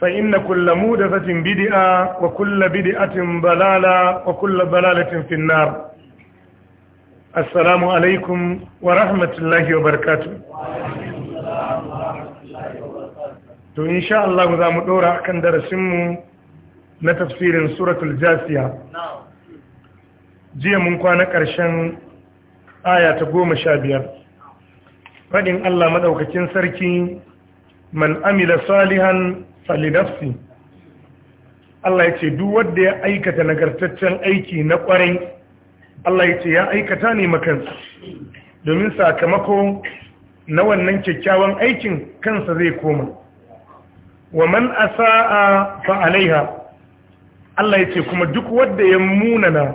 فإن كل مودثة بدئة وكل بدئة بلالة وكل بلالة في النار السلام عليكم ورحمة الله وبركاته to sha Allah za mu ɗora kan darasinmu na tafsirin suratul jasiya jiya mun kwana ƙarshen aya ta goma sha biyar faɗin Allah maɗaukakin sarki man amila salihan falinafsi Allah ya ce duk wanda ya aikata nagartaccen aiki na kwarai Allah ya ce ya aikata ne makansa domin sakamako na wannan kyakkyawan aikin kansa zai koma wa man asa'a fa alaiha Allah ya ce kuma duk wanda ya munana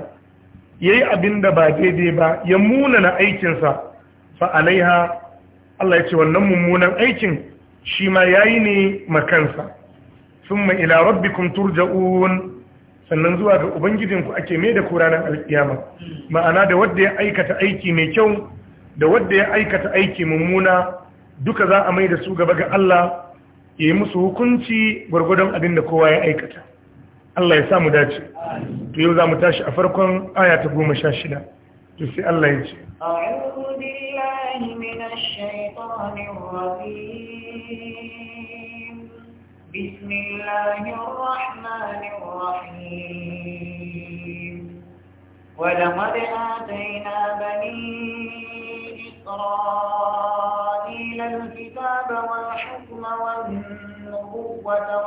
yayi abin da ba daidai ba ya munana aikinsa fa alaiha Allah ya ce wannan mummunan aikin shi ma yayi ne makansa thumma ila rabbikum turja'un sannan zuwa ga ubangijinku ake mai da ranar alkiyama ma'ana da wadda ya aikata aiki mai kyau da wadda ya aikata aiki mummuna duka za a mai da su gaba ga Allah ya yi musu hukunci gwargwadon abin da kowa ya aikata Allah ya mu dace to yau za mu tashi a farkon aya ta goma sha shida to sai Allah ya ce a'udhu billahi minash shaitanir rajim بسم الله الرحمن الرحيم ولقد آتينا بني إسرائيل الكتاب والحكم والنبوة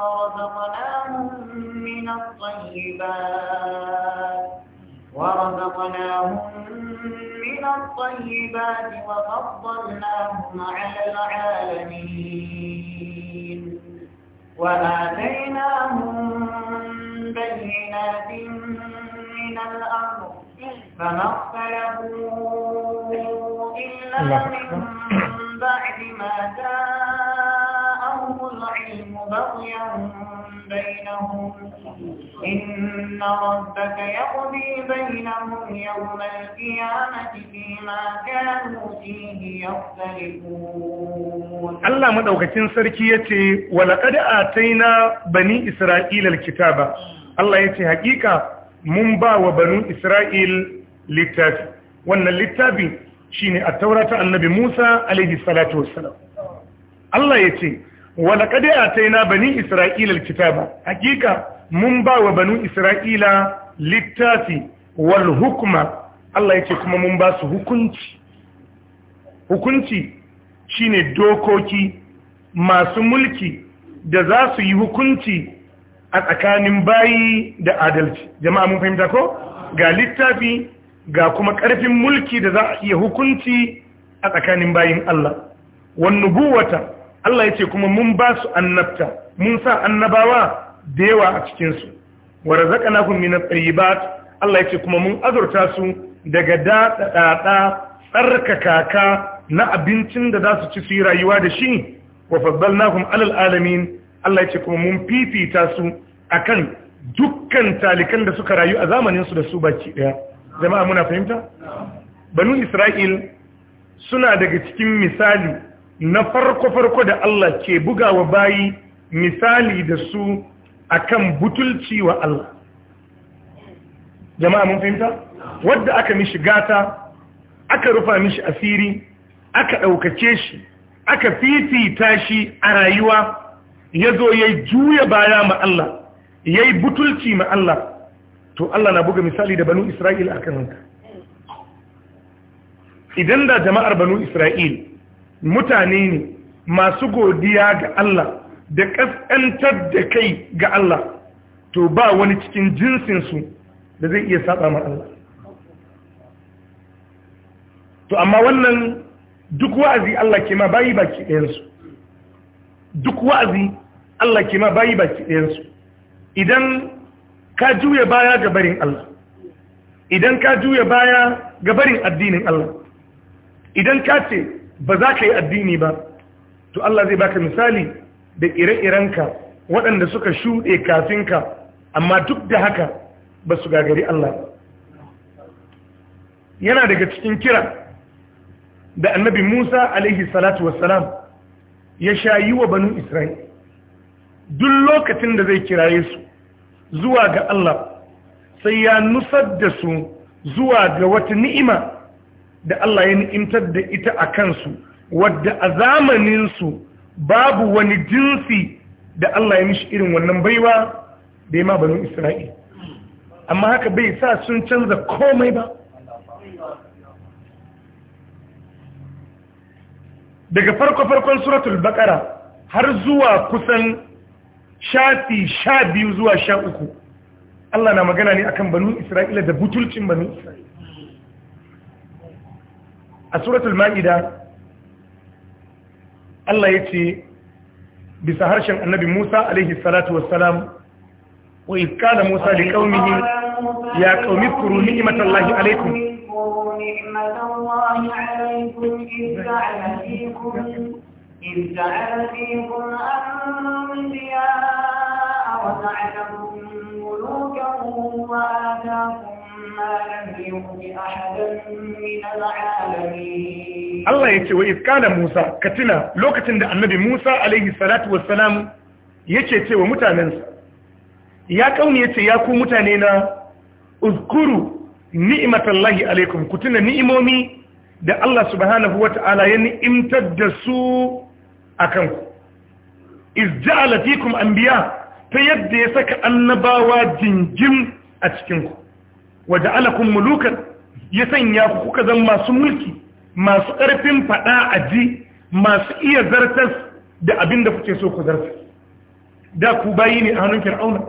ورزقناهم من الطيبات ورزقناهم من الطيبات وفضلناهم على العالمين وآتيناهم بينات من الأرض فما اختلفوا إلا من بينهم إن ربك يقضي بينهم يوم القيامة فيما كانوا فيه يختلفون الله مدوكتين سركية ولقد آتينا بني إسرائيل الكتابة الله يتي حقيقة mun ba wa banu Isra'il littafi, wannan littafi shi ne a taurata annabi Musa alaihi salatu wassalam. Allah ya ce, wala kadi ataina bani isra'ila alkitaba hakika mun ba wa banu isra'ila littafi wal hukuma Allah yace kuma mun ba su hukunci hukunci shine dokoki masu mulki da za su yi hukunci a tsakanin bayi da adalci jama'a mun fahimta ko ga littafi ga kuma karfin mulki da za a iya hukunci a tsakanin bayin Allah wannan nubuwata Allah ya ce kuma mun ba su annabta mun sa annabawa da yawa a cikinsu wa razaqnahum min at-tayyibat Allah ya ce kuma mun azurta su daga daɗaɗa tsarkakaka na abincin da za su ci su yi rayuwa da shi wa faddalnahum alal alamin Allah ya ce kuma mun fifita su akan dukkan talikan da suka rayu a zamanin su da su baki daya jama'a muna fahimta banu isra'il suna daga cikin misali na farko-farko da Allah ke bugawa bayi misali da su kan butulci wa Allah jama'a mun fahimta wadda aka mishi gata aka rufa mishi asiri aka ɗaukace shi aka fifita shi a rayuwa ya zo ya juya baya ma Allah ya yi butulci ma Allah to Allah na buga misali da banu Isra'il a kananka idan da jama'ar banu Isra'il mutane ne masu godiya ga Allah da ƙasƙantar da kai ga Allah to ba wani cikin jinsinsu da zai iya saba ma Allah to amma wannan duk wa'azi Allah ke ma bayi baki ɗayansu duk wa'azi Allah ke ma bayi baki ɗayansu idan ka juya baya ga barin Allah idan ka juya baya ga barin addinin Allah idan ka ce ba za ka yi addini ba to Allah zai baka misali da ire-irenka waɗanda suka shuɗe kafinka amma duk da haka ba su gagari Allah yana daga cikin kira da annabi Musa alaihi salatu wassalam ya shayi wa banu Isra'il duk lokacin da zai kiraye su zuwa ga Allah sai ya nusar da su zuwa ga wata ni'ima da Allah ya ni'imtar da ita a kansu wadda a zamaninsu babu wani jinsi da Allah ya mishi irin wannan baiwa da ya ma banin Isra'il amma haka bai sa sun canza komai ba daga farko-farkon suratul bakara har zuwa kusan shafi sha biyu zuwa sha uku Allah na magana ne akan banu Isra'ila da butulcin banu Isra’i. a suratul ma'ida Allah ya ce bisa harshen annabi Musa alaihi salatu wassalam wa ikala Musa da qaumihi ya qaumi furu ni'matallahi alaikum alaikum إذ جعل فيكم أنبياء ملوكا وآتاكم Allah ya ce wa iskana Musa ka tuna lokacin da annabi Musa alaihi salatu wassalam ya ce wa mutanensa ya kauni ce ya ku mutane na uzkuru ni'matallahi alaikum ku tuna ni'imomi da Allah subhanahu ta'ala ya ni'imtar da su a kanku. iz ja'ala fikum anbiya ta yadda ya saka annabawa jinjim a cikinku. wa alakun mulukar ya sanya ku kuka zan masu mulki masu ƙarfin faɗa a ji masu iya zartas da abin da kuke so ku zarta. da ku bayi ne a hannun fir'auna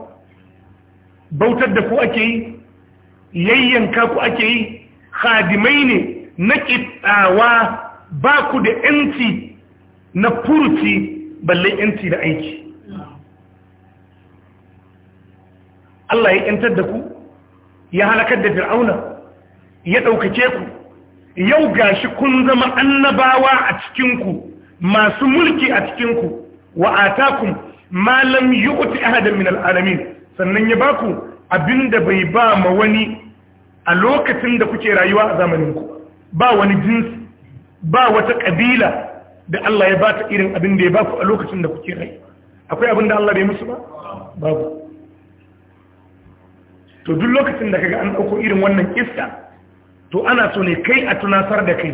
bautar da ku ake yi yayyanka ku ake yi khadimai ne na ƙiɗawa ba ku da ‘yanci na furuci balle ‘yanci da aiki Allah ya ‘yantar da ku ya halakar da fir'auna ya ɗaukake ku yau ga shi kun zama annabawa a cikinku masu mulki a cikinku wa atakum malam lam yu'ti ahadan min al'alamin sannan ya baku abinda bai ba ma wani a lokacin da kuke rayuwa a zamaninku ba wani jinsi ba wata kabila da Allah ya ba ta irin abin da ya baku a lokacin da kuke rayuwa akwai abin da Allah bai musu ba babu to duk lokacin da kaga an ɗauko irin wannan iska to ana so ne kai a tunasar da kai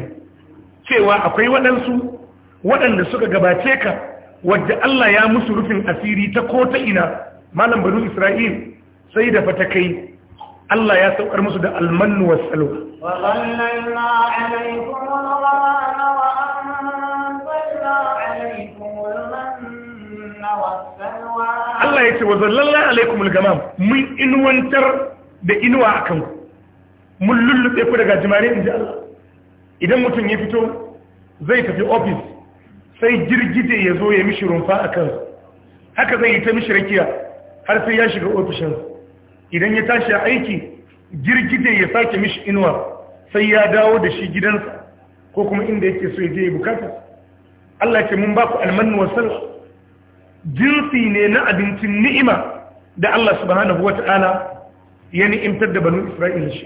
cewa akwai waɗansu waɗanda suka gabace ka wadda Allah ya musu rufin asiri ta ko ta ina malam banu Isra'il sai da fata kai Allah ya saukar musu da almannu salo. wa Allah ya ce wa zallallah alaikumul gamam mun inuwantar da inuwa a kanku mun lullube ku daga jimare in ji Allah idan mutum ya fito zai tafi ofis sai girgije ya zo ya mishi rumfa a kansu haka zai yi ta mishi rakiya har sai ya shiga ofishin. idan ya tashi a aiki girgije ya sake mishi inuwa sai ya dawo da shi gidansa ko kuma inda yake so ya je ya bukata Allah ya ce mun ba ku almannu wa jinsi ne na abincin ni'ima da Allah subhanahu ta'ala ya ni'imtar da banu Isra'ila shi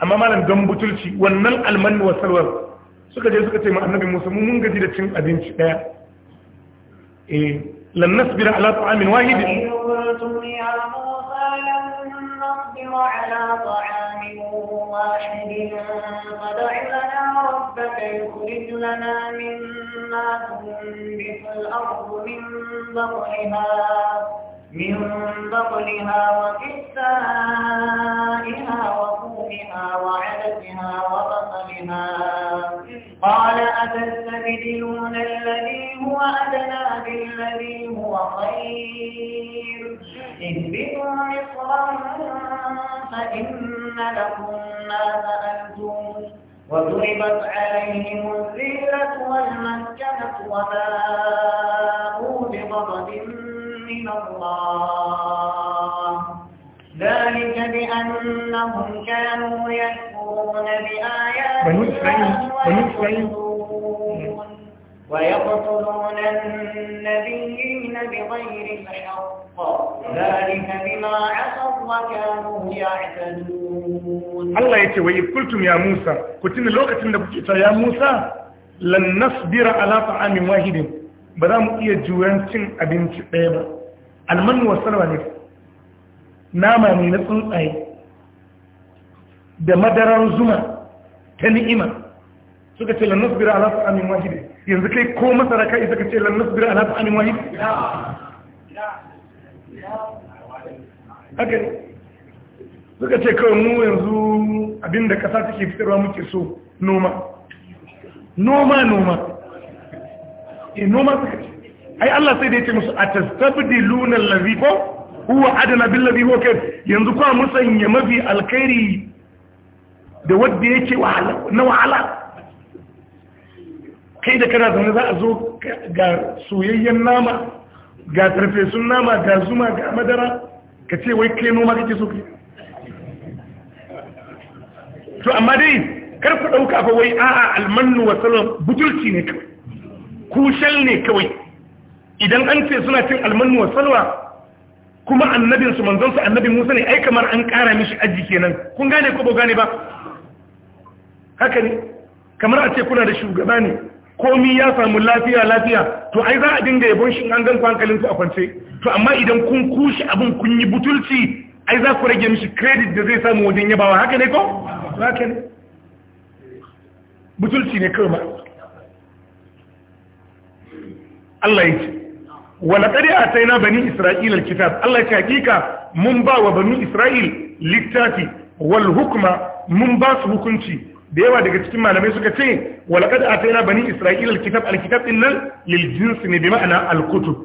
amma malam don butulci wannan almanni wa salwar suka je suka ce ma annabi Musa mun gaji da cin abinci daya eh lan nasbira ala ta'amin wahid ala واحد فدع لنا ربك يخرج لنا مما تنبت الأرض من بطلها من بطلها وكسائها وكومها وعدتها وبصلها قال أتستبدلون الذي هو أدنى بالذي هو خير مصرا فإن لكم ما وضربت عليهم الذلة والمسكنة وباءوا بغضب من الله ذلك بأنهم كانوا يكفرون بآيات الله ويقتلون النبيين بغير الحق Allah ya ce wa ikultum ya Musa ku tuni lokacin da kuke ta ya Musa lan nasbira ala ta'amin wahidin ba za mu iya juran cin abinci ɗaya ba alman wa sarwa ne nama ne na tsuntsaye da madarar zuma ta ni'ima suka ce lan nasbira ala ta'amin wahidin yanzu kai ko masara kai suka ce lan nasbira ala ta'amin wahidin haka ne suka ce kawai mu yanzu abinda kasa take fitarwa muke so noma noma noma e noma suka ce ai Allah sai da ya ce musu a tastabdiluna lunar ko huwa adana bin huwa kai yanzu kwa musanya mafi alkhairi da wadda yake na wahala kai da kana zaune za a zo ga soyayyen nama ga sun nama ga zuma ga madara ka ce wai kai noma kake so to amma dai kar ku dauka fa wai a'a almannu wa salam butulci ne kawai kushal ne kawai idan an ce suna cin almannu wa salwa kuma annabinsu su annabi musa ne ai kamar an kara mishi aji kenan kun gane ko ba gane ba haka ne kamar a ce kuna da shugaba ne komi ya samu lafiya lafiya to ai za a dinga yabon shi an gan hankalin ku a kwance to amma idan kun kushi abin kun yi butulci ai za ku rage mishi credit da zai samu wajen yabawa haka ne ko haka ne butulci ne kawai Allah ya ce wala qari'a bani isra'ila alkitab Allah ya ce hakika mun ba wa bani isra'il littafi wal hukma mun ba su hukunci da yawa daga cikin malamai suka ce walaqad na bani isra'ila alkitab alkitab din nan lil ne bi ma'ana alkutub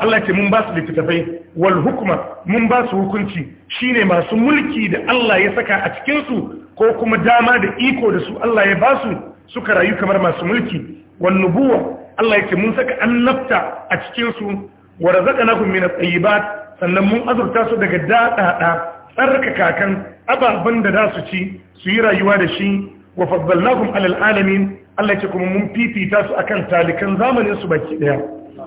Allah ce mun ba su littafai wal hukuma mun ba su hukunci shine masu mulki da Allah ya saka a cikinsu ko kuma dama da iko da su Allah ya ba su suka rayu kamar masu mulki wan nubuwa Allah ce mun saka annabta a cikinsu su wa razaqnakum min at-tayyibat sannan mun azurta su daga dadada tsarkaka kan ababan da za su ci su yi rayuwa da shi wa faddalnahum alal alamin Allah ce kuma mun fifita su akan talikan zamanin su baki daya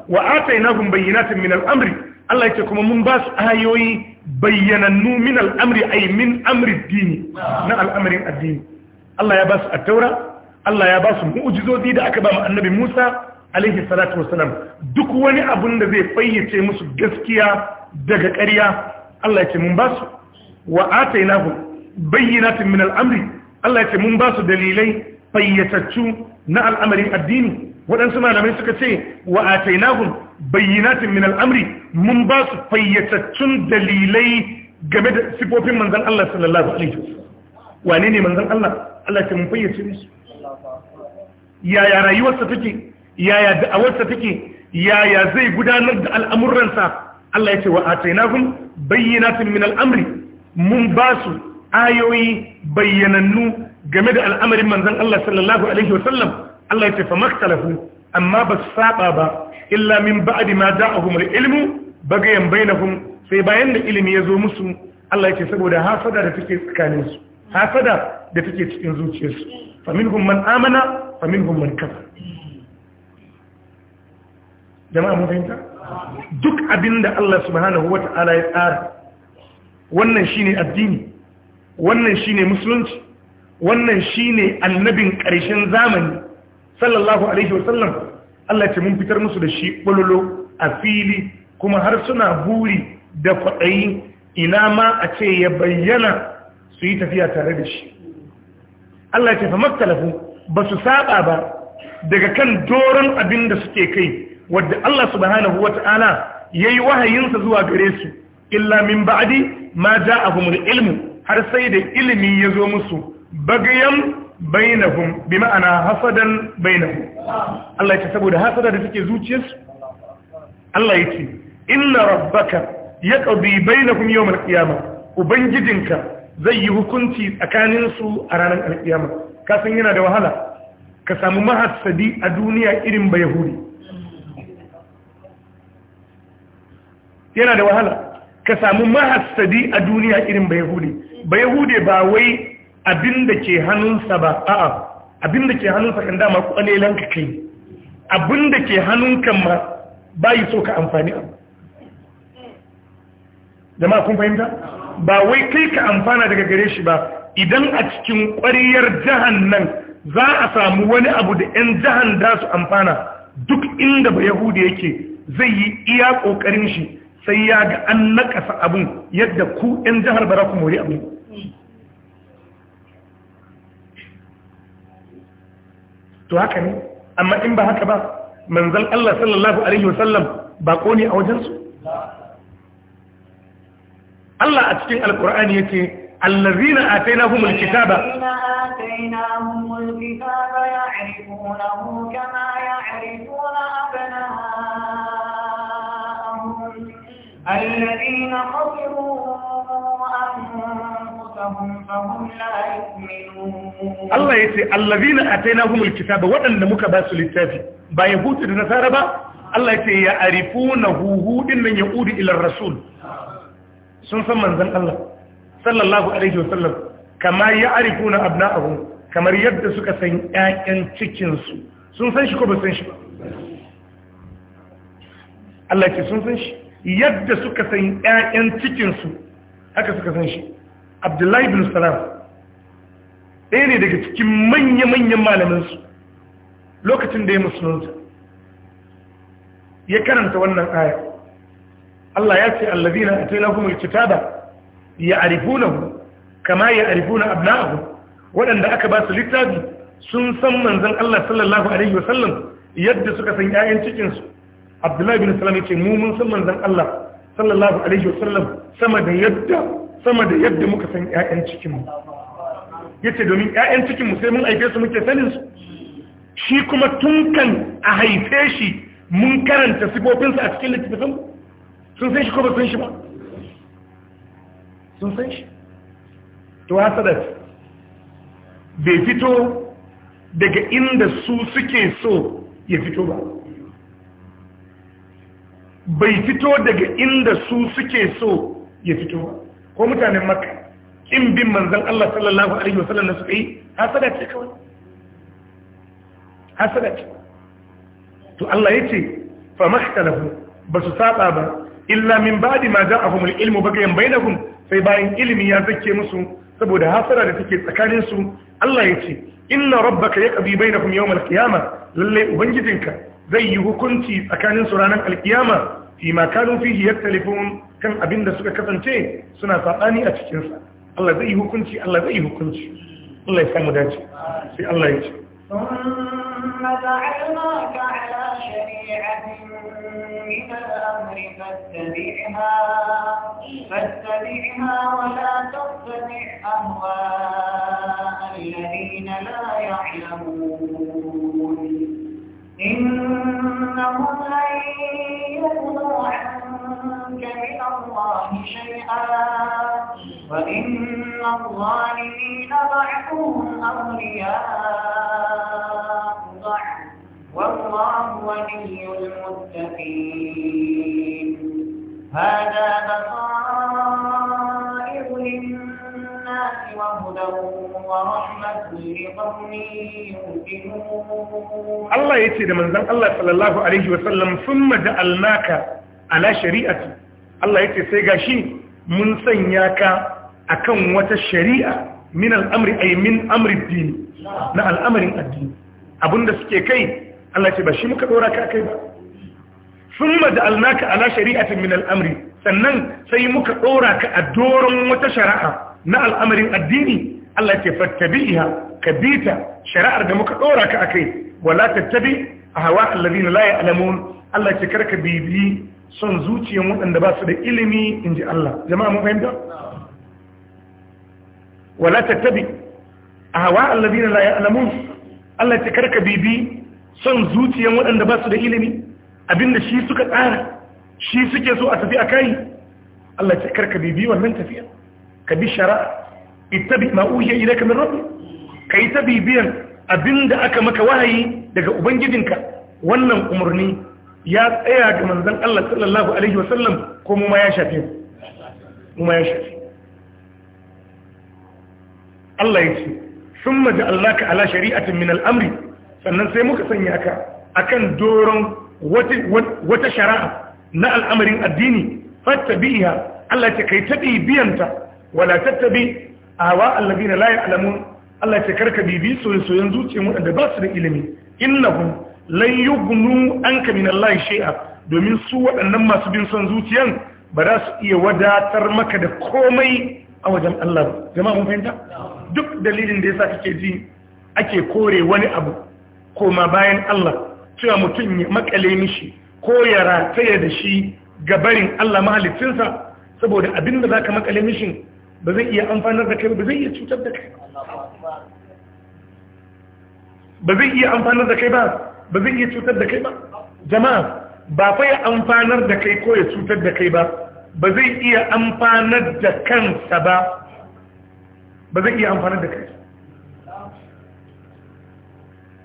wa atainahum bayyinatin min al-amri Allah ce kuma mun ba su ayoyi bayyanannu min al-amri ay min amri dini na al'amarin addini Allah ya ba su at-taura Allah ya ba su mu'jizozi da aka ba mu annabi Musa alaihi salatu wassalam duk wani abun da zai fayyace musu gaskiya daga ƙarya Allah ya ce mun ba su wa atainahum bayyinatin min al-amri Allah ce mun ba su dalilai fayyatattu na al'amarin addini waɗansu malamai suka ce wa a tainahun bayyanatin min al'amri mun ba su fayyatattun dalilai game da sifofin manzan Allah sallallahu alaihi wane ne manzan Allah Allah ce mun fayyace musu yaya rayuwarsa take yaya da'awarsa take yaya zai gudanar da al'amuransa Allah ya ce wa a tainahun bayyanatin min al'amri mun ba su ayoyi bayyanannu game da al'amarin manzon Allah sallallahu alaihi wasallam Allah ya ce fa amma ba su saba ba illa min ba'di ma da'ahum humar ilmu bagayan bainahum sai bayan da ilimi ya zo musu Allah ya ce saboda hasada da take tsakanin su hasada da take cikin zuciyarsu fa minhum man amana fa minhum man kafa jama'a mun fahimta duk abinda Allah subhanahu wata'ala ya tsara wannan shine addini wannan shine musulunci wannan shine annabin ƙarshen zamani sallallahu alaihi wasallam Allah ce mun fitar musu da shi bololo a fili kuma har suna buri da kwaɗayi ina ma a ce ya bayyana su yi tafiya tare da shi Allah ce fa maktalafu ba su saba ba daga kan doron abin da suke kai wadda Allah subhanahu wata'ala yayi wahayinsa zuwa gare su illa min ba'di ma ja'ahumul ilmu har sai da ilimi ya zo musu bagayan bainahum bi ma'ana hasadan bainahum Allah ya ce saboda hasada da take zuciyarsu Allah ya ce inna rabbaka yaqdi bainahum yawm al-qiyamah ubangijinka zai yi hukunci tsakanin su a ranar al ka san yana da wahala ka samu mahassadi a duniya irin yahudi yana da wahala ka samu mahassadi a duniya irin yahudi ba yahude ba wai abin da ke hannunsa ba a'a abin da ke hannunsa kan dama kwalelan ka kai abin da ke hannunka ma bayi so ka amfani abu jama'a kun fahimta ba wai kai ka amfana daga gare shi ba idan a cikin ƙwariyar jahan nan za a samu wani abu da 'yan jahan da su amfana duk inda ba yahude yake zai yi iya ƙoƙarin shi sai ya ga an nakasa abin yadda ku 'yan jihar bara ku mori abin to haka ne amma in ba haka ba manzan Allah sallallahu Alaihi wasallam ba ne a wajensu Allah a cikin alkur'ani ya ce allazina a taina humul ba ya Allah Allah ya ce, الذين خسروا na فهم لا يؤمنون الله يسي الذين أتيناهم الكتاب وأن مكباس للتافي بايهوت النصارى ba? Allah ya ce ya arifuna huhudin nan yahudi ila rasul sun san manzan Allah sallallahu alaihi sallam. Kamar ya arifuna abna'ahum kamar yadda suka san ƴaƴan cikinsu. sun san shi ko ba san shi ba Allah ya ce sun san shi yadda suka san ƴaƴan cikinsu haka suka san shi abdullahi bin salam ɗaya ne daga cikin manya-manyan malaminsu lokacin da ya musulunta ya karanta wannan aya Allah ya ce allazina atainahum alkitaba ya'rifunahu kama ya'rifuna abna'ahu waɗanda aka ba su littafi sun san manzon Allah sallallahu alaihi wasallam yadda suka san ƴaƴan cikinsu abdullahi bin salam yake mu mun san manzon Allah sallallahu alaihi wasallam sama da yadda sama da yadda muka san ƴaƴan cikin mu yace domin ƴaƴan cikin mu sai mun aike su muke sanin su shi kuma tun kan a haife shi mun karanta sifofin sa a cikin littafin sun san shi ko ba san shi ba sun san shi to hasadat bai fito daga inda su suke so ya fito ba bai fito daga inda su suke so ya fito ko mutanen maka, kin bin Allah sallallahu alaihi wasallam da suka yi hasada ce kawai hasada ce to Allah yace fa ba basu saba ba illa min ba'di ma ja'ahum al-ilmu bagayan bainahum sai bayan ilimi ya zake musu saboda hasara da take tsakanin su Allah yace inna rabbaka yaqdi bainahum yawm al-qiyamah lalle ubangijinka zai yi hukunci tsakanin su ranar alkiyama فيما كانوا فيه يختلفون كان أبين ده سكا كفنتي سنة فقاني أتكنسا الله زي هو كنتي الله زي هو كنتي الله يسلم داتي في الله يجي ثم جعلناك على شريعة من الأمر فاتبعها فاتبعها ولا تتبع أهواء الذين لا يعلمون إنهم لن يغنى عنك من الله شيئا وإن المتقين هذا بصائر Allah ya ce da manzan Allah Sallallahu alaihi wasallam sun maja alnaka عليه وسلم ثم جعلناك على شريعتي Allah yace sai gashi mun sanya ka akan wata shari'a min al'amri yi min amri dini na al'amarin addini abinda suke kai Allah ce ba shi muka dora ka kai ba Sun thumma a ala shari'atin min al'amri sannan sai muka dora ka a doron wata shari'a na al'amarin addini Allah ya ce fattabi'iha kabita shari'ar da muka ɗora ka a kai? wala tattabi ahwa alladhina la ya'lamun Allah ya ce karka bibi son zuciyan waɗanda ba su da ilimi in inji Allah jama'a mun fahimta wala tattabi ahwa alladhina la ya'lamun Allah ya ce karka bibi son zuciyan waɗanda ba su da ilimi abinda shi suka tsara shi suke so a tafi a kai? Allah ya ce karka bibi wannan tafiyar. ka bi shara ittabi ma uhiya ilayka min rabbik yi ta bibiyan abinda aka maka wahayi daga ubangijinka wannan umarni ya tsaya ga manzon Allah sallallahu alaihi wasallam ko mu ma ya shafe mu ma ya shafe Allah ya ce summa ja'alnaka ala shari'atin min al-amri sannan sai muka sanya ka akan doron wata shari'a na al'amarin addini fattabi'iha Allah ta kai ta biyanta wala tattabi awa alladina la ya'lamun Allah ce karka bibi soyayyen zuciyar wadanda ba su da ilimi innahum lan yughnu anka min Allah shay'a domin su waɗannan masu bin son zuciyan ba za su iya wadatar maka da komai a wajen Allah jama'a mun fahimta duk dalilin da yasa kake ji ake kore wani abu koma bayan Allah cewa mutum ya makale mishi ko ya rataya da shi gabarin Allah mahalicinsa saboda abinda zaka makale mishi ba zai iya amfanar da kai ba zai iya cutar da kai ba zai iya amfanar da kai ba ba zai iya cutar da kai ba jama'a ba fa ya amfanar da kai ko ya cutar da kai ba ba zai iya amfanar da kansa ba ba zai iya amfanar da kai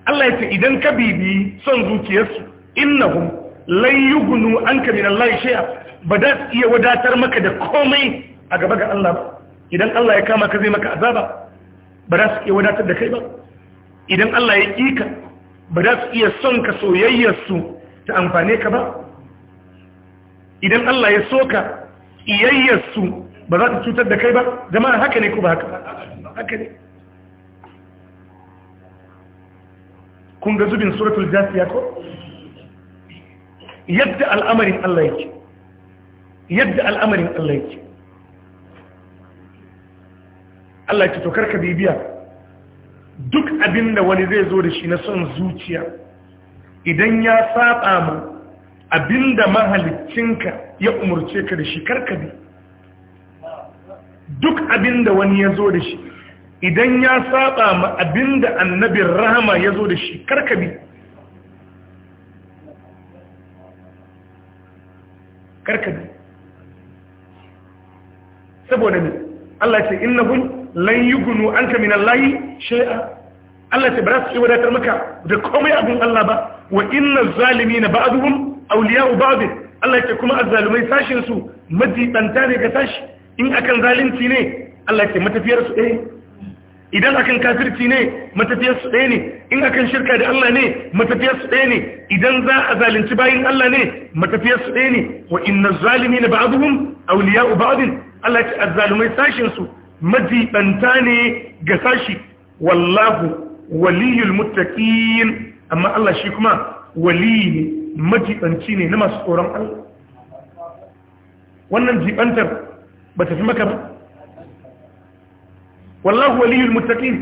Allah ya ce idan ka bibi son zuciyarsu innahum lan yughnu anka min Allah shay'a ba da iya wadatar maka da komai a gaba ga Allah ba idan Allah ya kama ka zai maka azaba ba za su iya wadatar da kai ba idan Allah ya ƙi ka ba za su iya son ka soyayyarsu ta amfane ka ba idan Allah ya so ka iyayyarsu ba za ta cutar da kai ba zama haka ne ko ba haka ba haka ne kun ga zubin suratul jasiya ko yadda al'amarin Allah yake yadda al'amarin Allah yake Allah ce to karka bibiya duk abinda wani zai zo da shi na son zuciya idan ya saba ma abinda mahalicinka ya umurce ka da shi karka bi duk abinda wani ya zo da shi idan ya saba ma abinda annabin rahama ya zo da shi karka bi karka bi saboda ne Allah ce innahum lan yugunu anka min allahi shay'a Allah ta bara su wadatar maka da komai abin Allah ba wa inna zalimina ba'dhum awliya'u ba'd Allah ke kuma azzalumai sashin su madidanta ne ga sashi in akan zalunci ne Allah ke matafiyar su ɗaya idan akan kafirci ne matafiyar su ɗaya ne in akan shirka da Allah ne matafiyar su ɗaya ne idan za a zalunci bayin Allah ne matafiyar su ɗaya ne wa inna zalimina ba'dhum awliya'u ba'd Allah ke azzalumai sashin su majibanta ne ga sashi wallahu waliyul muttaqin amma Allah shi kuma waliyi ne majibanci ne na masu tsoron Allah wannan jibantar ba ta fi maka ba wallahu waliyul muttaqin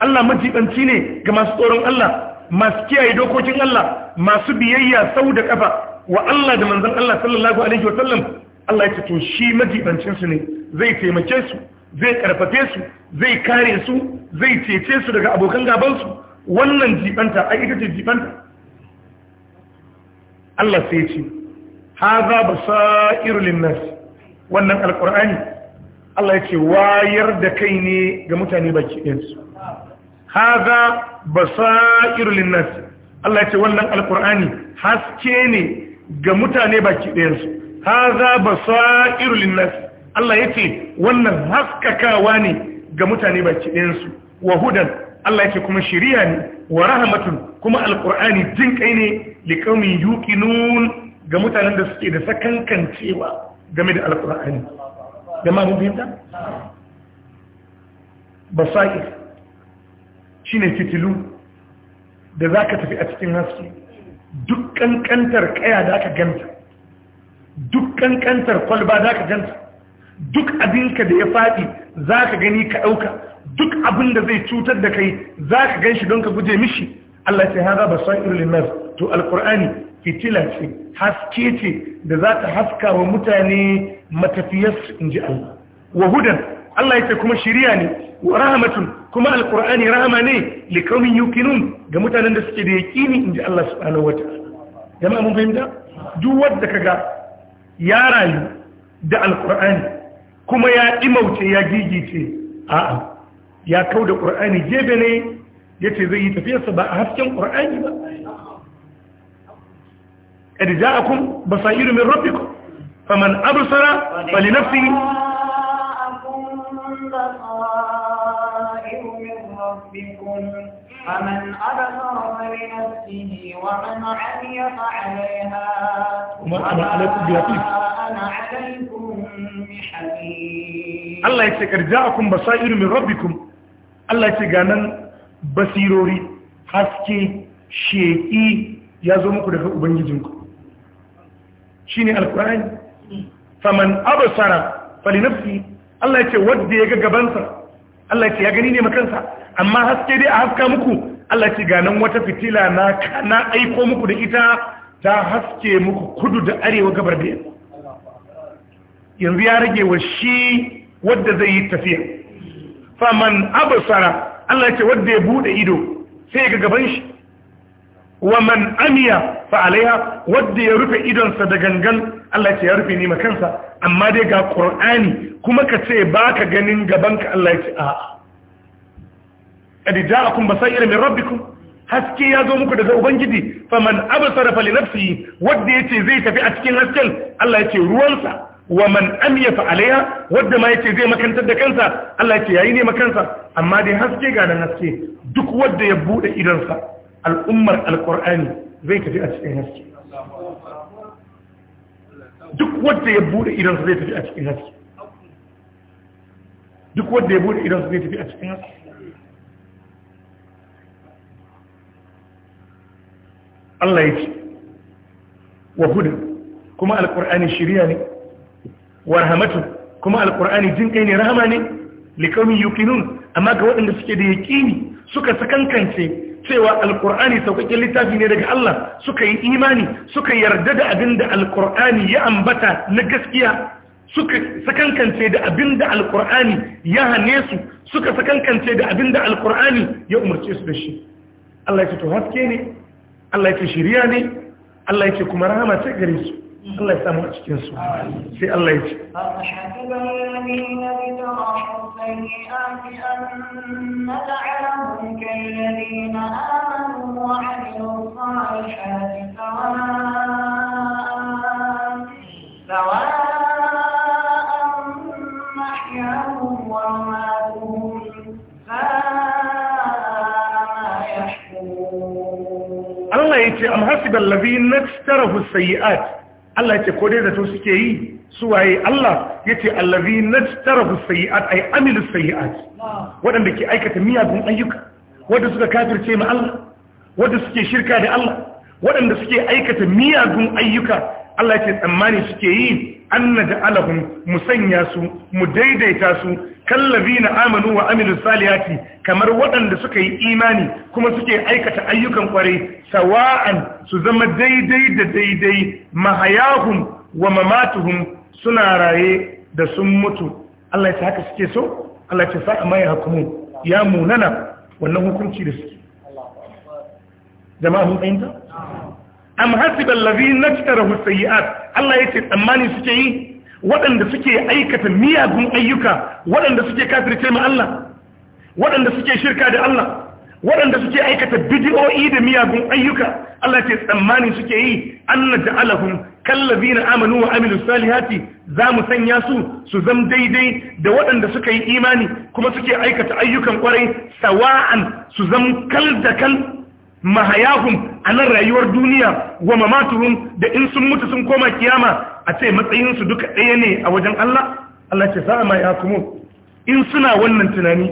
Allah majibanci ne ga masu tsoron Allah masu kiyaye dokokin Allah masu biyayya sau da ƙafa. wa Allah da manzan Allah sallallahu alaihi wa sallam Allah ya ce to shi majibancin ne zai taimake su zai karfafe su zai kare su zai cece su daga abokan gabansu wannan jibanta a ita ce jibanta Allah sai ce haza basairu nasi wannan alqur'ani Allah ya ce wayar da kai ne ga mutane baki ɗinsu haza basairu nasi Allah ya ce wannan alqur'ani haske ne ga mutane baki ɗinsu haza basairu nasi Allah ya ce wannan haskakawa ne ga mutane baki ɗayansu wa hudan Allah ya ce kuma shiriya ne wa rahamatun kuma alƙur'ani jin kai ne liƙaumin yuƙinun ga mutanen da suke da sakankancewa game da alƙur'ani jama'a mun fahimta Shi shine fitilu da ka tafi a cikin haske duk kankantar kaya da aka ganta duk kankantar kwalba da aka ganta duk abinka da ya faɗi za ka gani ka ɗauka duk abin da zai cutar da kai za ka gan shi don ka guje mishi Allah ce haza ba son irin nas to alkur'ani fitila ce haske ce da za ta haska wa mutane matafiyarsu in ji Allah wa hudan Allah ya ce kuma shiriya ne wa rahamatun kuma alkur'ani rahama ne likaumin yukinun ga mutanen da suke da yaƙini in ji Allah subhanahu wa ta'ala jama'a mun fahimta duk wanda kaga ya rayu da alkur'ani kuma ya ɗimauce ya gigice a'a ya kau da ƙur'ani jebe ne ya ce zai yi tafiyarsa ba a hasken ƙur'ani ba ƙadi za a kun ba sa iri min ku. faman abusara falinafsi بصائر من فمن أبصر فلنفسه ومن عمي فعليها وما أنا عليكم بلطيف أنا عليكم بحفيظ الله يتكر جاءكم بصائر من ربكم الله ganan basirori haske sheƙi ya zo muku daga ubangijinku shi ne alkurani faman abasara falinafi Allah ya ce wadda ya ga gabansa Allah ya ce ya gani ne makansa amma haske dai a haska muku Allah ce ga nan wata fitila na na aiko muku da ita ta haske muku kudu da arewa gabar da yanzu ya rage wa shi wadda zai yi tafiya faman absara Allah ce wadda ya bude ido sai ga gaban shi wa man amiya fa alaiha wadda ya rufe idonsa da gangan Allah ce ya rufe ni kansa amma dai ga Qur'ani kuma ka ce baka ganin gaban ka, Allah ya ce a'a qad ja'akum basairun min rabbikum haske ya zo muku daga ubangiji faman absara fali nafsihi wanda yace zai tafi a cikin hasken Allah yace ruwansa wa man amiya fa alaiha wadda ma yace zai makantar da kansa Allah yace yayi ne makansa amma dai haske ga nan haske duk wadda ya bude sa, al'ummar alqur'ani zai tafi a cikin haske duk wadda ya bude idansa zai tafi a cikin haske duk wanda ya bude idansa zai tafi a cikin haske Allah yake wa hudu kuma alkur'ani shiriya ne wa rahmatu kuma alkur'ani jin kai ne rahama ne likaumin yukinun amma ga waɗanda suke da yaƙini suka sakankance cewa alkur'ani saukakken littafi ne daga Allah suka yi imani suka yarda da abinda alkur'ani ya ambata na gaskiya suka sakankance da abinda alkur'ani ya hane su suka sakankance da abinda alkur'ani ya umarce su da shi Allah ya ce to haske ne Allah yake shiriya ne Allah yake kuma rahama ce gare su Allah ya samu a cikin su sai Allah yake سواء yace am hasibal ladhina nastarahu sayiat Allah yace ko dai da to suke yi su waye Allah yace alladhina nastarahu sayiat ay amilu sayiat wadanda ke aikata miyagun ayyuka wanda suka kafirce ma Allah wanda suke shirka da Allah wadanda suke aikata miyagun ayyuka Allah yace tsammani suke yi an naj'alahum musanya su mu daidaita su kallabi na amanu wa amilu salihati kamar waɗanda suka yi imani kuma suke aikata ayyukan kwarai sawa'an su zama daidai da daidai mahayahum wa mamatuhun, suna raye da sun mutu Allah ya haka suke so Allah ya sa amma ya hukumu ya munana wannan hukunci da suke jama'a mun fahimta am hasiba allazina tajtarahu sayyi'at Allah yace tsammani suke yi waɗanda suke aikata miyagun ayyuka waɗanda suke kafirce ma Allah waɗanda suke shirka da Allah waɗanda suke aikata bidiyo'i da miyagun ayyuka Allah ce tsammani suke yi anna ja'alahum kallazina amanu wa amilu salihati za mu sanya su su zam daidai da waɗanda suka yi imani kuma suke aikata ayyukan kwarai sawa'an su zam kal da kal mahayahum a nan rayuwar duniya wa mamatuhum da in sun mutu sun koma kiyama a ce matsayinsu duka ɗaya ne a wajen Allah Allah ce sa'a ma ya kumo in suna wannan tunani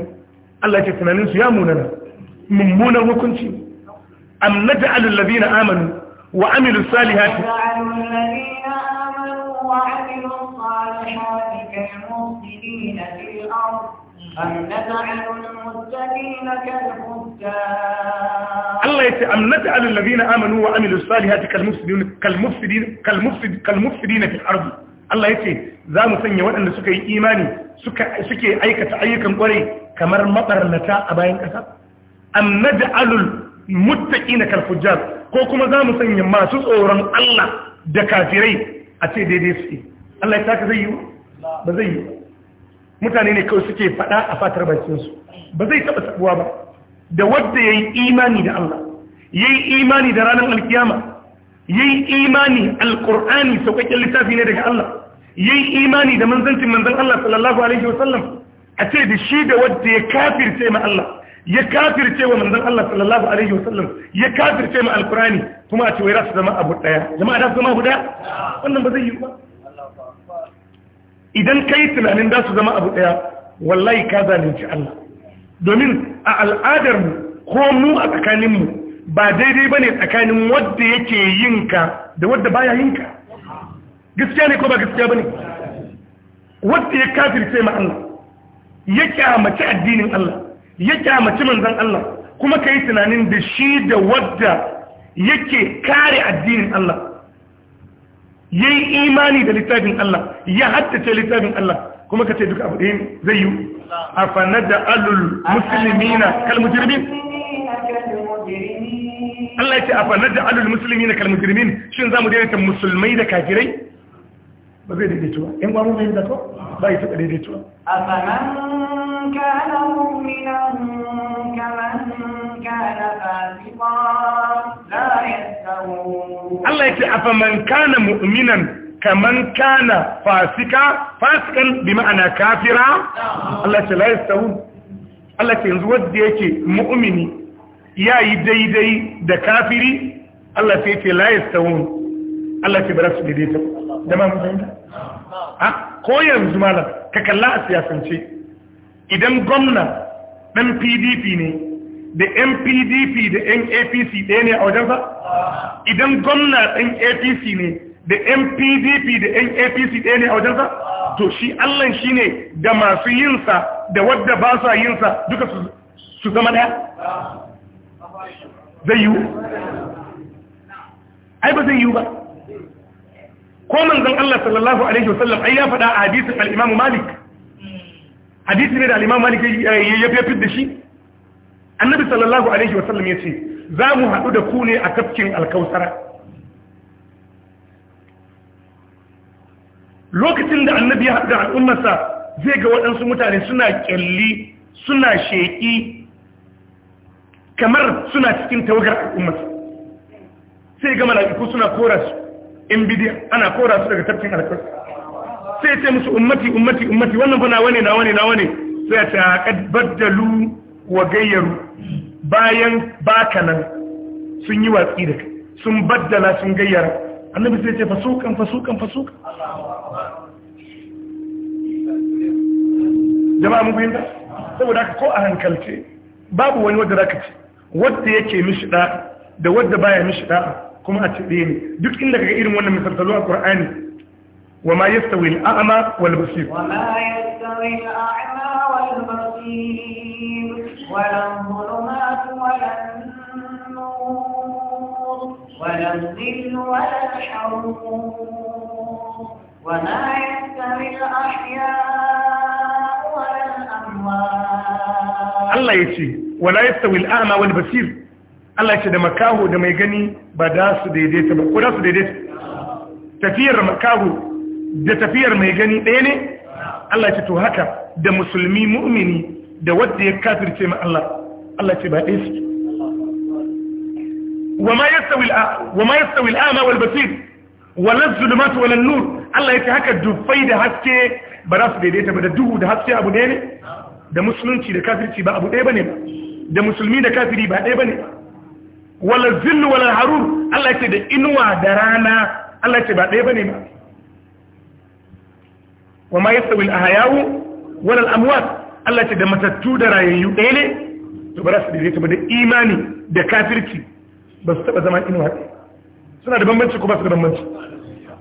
Allah ce tunaninsu ya munana mummunan hukunci am naj'al alladhina amanu wa amilu salihati وعملوا الصالحات كالمفسدين في الأرض أم نجعل المتقين كالفجار الله يتي أم نجعل الذين آمنوا وعملوا الصالحات كالمفسدين كالمفسدين كالمفسد كالمفسدين في الأرض Allah ya ce za mu sanya waɗanda suka yi imani suke aikata ayyukan ƙwarai kamar maɓarnata a bayan ƙasa? An na da'alul muttaƙi na kalfujjar ko kuma za mu sanya masu tsoron Allah da kafirai a ce daidai suke. Allah ya taka zai yi ba zai yi ba. mutane ne kawai suke faɗa a fatar bakinsu ba zai taɓa sabuwa ba da wadda yayi yi imani da Allah ya imani da ranar alkiyama yayi imani alƙur'ani sauƙaƙƙen littafi ne daga Allah yayi imani da manzancin manzan Allah sallallahu alaihi wasallam a ce da shi da wadda ya kafirce ma Allah ya kafirce wa manzan Allah sallallahu alaihi wasallam ya kafirce ma alqur'ani kuma a ce wai rasu zama abu ɗaya jama'a da zama abu wannan ba zai yi ba idan ka yi tunanin za su zama abu ɗaya wallahi ka zalunci Allah domin a al'adarmu ko mu a tsakaninmu ba daidai ba ne tsakanin wadda yake yinka da wadda baya yinka gaskiya ne ko ba gaskiya ba ne wadda ya kafirce ma Allah ya kyamaci addinin Allah ya kyamaci manzan Allah kuma ka yi tunanin da shi da wadda yake kare addinin Allah yayi imani da littafin Allah ya haddace littafin Allah kuma ka ce duka abu ɗaya zai yi afanada alul muslimina kal mujrimin Allah ya ce afanada alul muslimina kal mujrimin shin zamu daidaita musulmai da kafirai ba zai daidaituwa ɗan gwamu bai da ko ba yi tuka daidaituwa afanan kana mu'minan kaman Allah ya ce يستوون الله يقول أفمن كان مؤمنا kaman kana fasika fasikan bi ma'ana kafira Allah ce la yastawun Allah ce yanzu wanda yake mu'mini yi daidai da kafiri Allah sai ce la yastawun Allah ce bara su daidaita da ma mun ha ko yanzu malam ka kalla a siyasance idan gwamna dan PDP ne da NPDP da NAPC ɗaya ne a wajensa? Idan gwamna ɗan APC ne da NPDP da NAPC ɗaya ne a wajensa? To shi Allah shi ne da masu yinsa da wadda ba sa yinsa duka su zama ɗaya? Zai yiwu? Ai ba zai yiwu ba. Ko manzan Allah sallallahu Alaihi wasallam ai ya faɗa a hadisun al'imamu Malik. hadisun ne da al'imamu Malik ya fi da shi? annabi sallallahu alaihi wasallam ya ce za mu haɗu da ku ne a tafkin alkausara lokacin da annabi ya haɗu da al'ummarsa zai ga waɗansu mutane suna ƙyalli suna sheƙi kamar suna cikin tawagar al'ummarsa sai ga mala'iku suna kora su in bidiya ana kora su daga tafkin alkausara sai ce musu ummati ummati ummati wannan fa na wane na wane na wane sai ta kad baddalu wa gayyaru bayan baka nan sun yi watsi da sun baddala sun gayyara annabi sai ce fasukan fasukan fasukan jama'a mu bayyana saboda ko a hankalce babu wani wanda zaka ce wanda yake mishi da da wanda baya mishi da kuma a ce ne duk inda kaga irin wannan misaltalu a Qur'ani ma yastawi al-a'ma wal basir wama yastawi al-a'ma wal basir ولا الظلمات ولا النور ولا الظل ولا الحرور وما يستوي الأحياء Allah ce da makaho da mai gani ba da su daidaita ba ko da su daidaita tafiyar makaho da tafiyar mai gani ɗaya ne Allah ce to haka da musulmi mu'mini da wadda ya kafirce ma Allah Allah ce ba ɗaya suke وما يستوي وما يستوي الأعمى والبصير ولا الظلمات ولا nur, Allah yake haka dufai da haske ba za su daidaita ba da duhu da haske abu ɗaya ne da musulunci da kafirci ba abu ɗaya bane ba da musulmi da kafiri ba ɗaya bane ba? wala zillu wala harur Allah yake da inuwa da rana Allah yake ba ɗaya bane ba Wa wama yastawi al-ahya'u wala al-amwat Allah ce da matattu da rayayyu ɗaya ne to ba za su daidaita ba da imani da kafirci ba su taɓa zama inuwa ɗaya suna da bambanci ko ba su da bambanci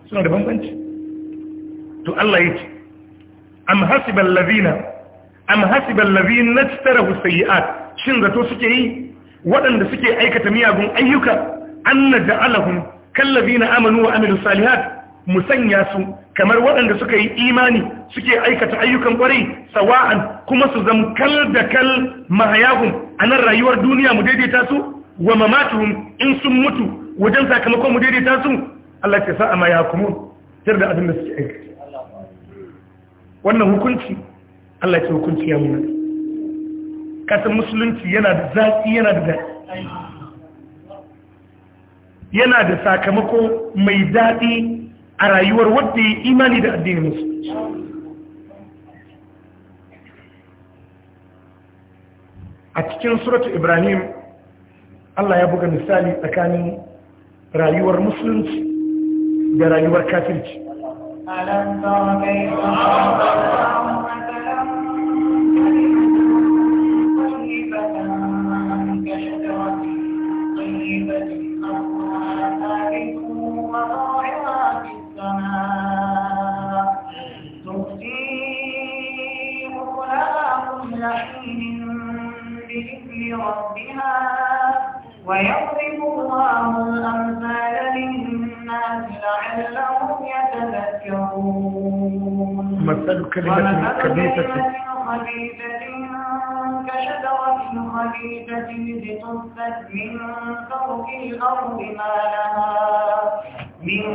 suna da bambanci to Allah ya ce am hasiban lazina am hasiban lazina tarahu sayyi'at shin zato suke yi waɗanda suke aikata miyagun ayyuka an naja'alahum kallazina amanu wa amilu salihat sanya su kamar waɗanda suka yi imani suke aikata ayyukan ƙwarai sawa'an kuma su zam kal da kal mahayahun a nan rayuwar duniya mu daidaita su wa mamatuhum in sun mutu wajen sakamakon mu daidaita su Allah ya sa a ya kuma tir da abin da suke aikata wannan hukunci Allah ce hukunci ya muna kasan musulunci yana da zaƙi yana da daɗi yana da sakamako mai daɗi a rayuwar wadda ya imani da addinin musulunci a cikin suratu ibrahim allah ya buga misali tsakanin rayuwar musulunci da rayuwar kafirci ويضرب الله الأمثال للناس لعلهم يتذكرون مثل كلمة خبيثة كشجرة خبيثة لتنفت من فوق الأرض ما لها من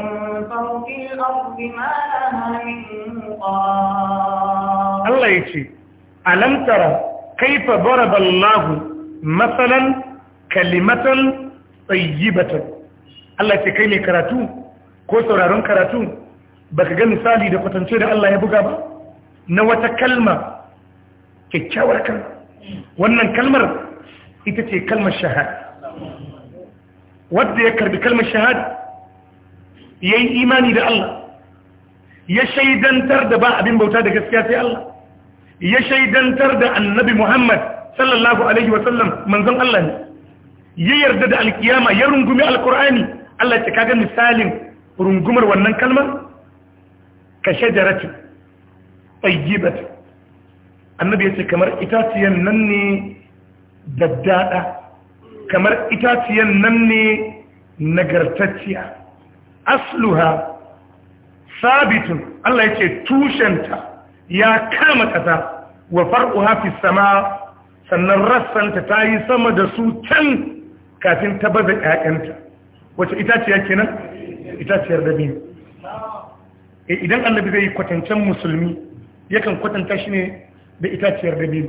فوق الأرض ما لها من قار الله يشي ألم ترى كيف ضرب الله مثلا kalimatan tsayyibatan Allah ce kai mai karatu ko sauraron karatu baka ga misali da kwatance da Allah ya buga ba na wata kalma kyakkyawar kalma wannan kalmar ita ce kalmar shahada wadda ya karbi kalmar shahada ya yi imani da Allah ya shaidantar da ba abin bauta da gaskiya sai Allah ya shaidantar da annabi Muhammad sallallahu alaihi wasallam manzon Allah ne ya yarda da alkiyama ya rungumi alkur'ani Allah ce kaga misalin rungumar wannan kalmar ka shajaratu tayyibatu annabi yace kamar itaciyan nan ne daddada kamar itaciyan nan ne nagartacciya asluha sabitun Allah yace tushenta ya kama kasa wa far'uha fis sama sannan rassanta tayi sama da su can kafin ta baza ƴaƴanta wace itaciya kenan itaciyar dabino eh, idan annabi zai kwatancen musulmi yakan kwatanta shi ne da itaciyar dabino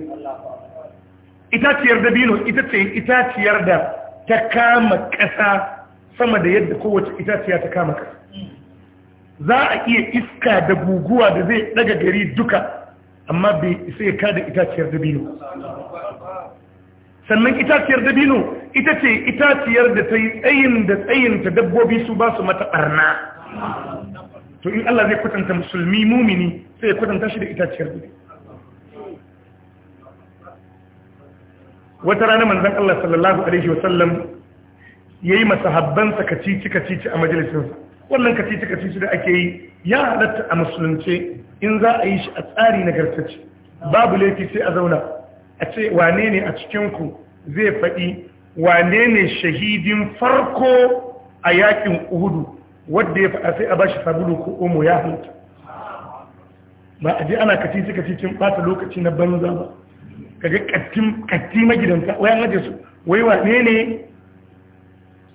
itaciyar dabino ita ce itaciyar da ta kama ƙasa sama da yadda kowace itaciya ta kama ƙasa za a iya iska da guguwa da zai daga gari duka amma bai isa ka da itaciyar dabino sannan itaciyar dabino ita ce itaciyar da ta yi tsayin da tsayin ta dabbobi su ba su mata barna to in Allah zai kwatanta musulmi mumini sai ya kwatanta shi da itaciyar gudu wata rana manzan Allah sallallahu alaihi wasallam ya yi masahabbansa kacici kacici a majalisinsa wannan kacici kacici da ake yi ya halatta a musulunce in za a yi shi a tsari nagartacce babu laifi sai a zauna a ce wane ne a cikinku zai faɗi wane ne shahidin farko a yakin uhudu wadda ya faɗa sai a bashi sabulu ko omo ya hanta ba a je ana kaci suka cikin ɓata lokaci na banza ba kaga katti magidanta wayan aje su wai wane ne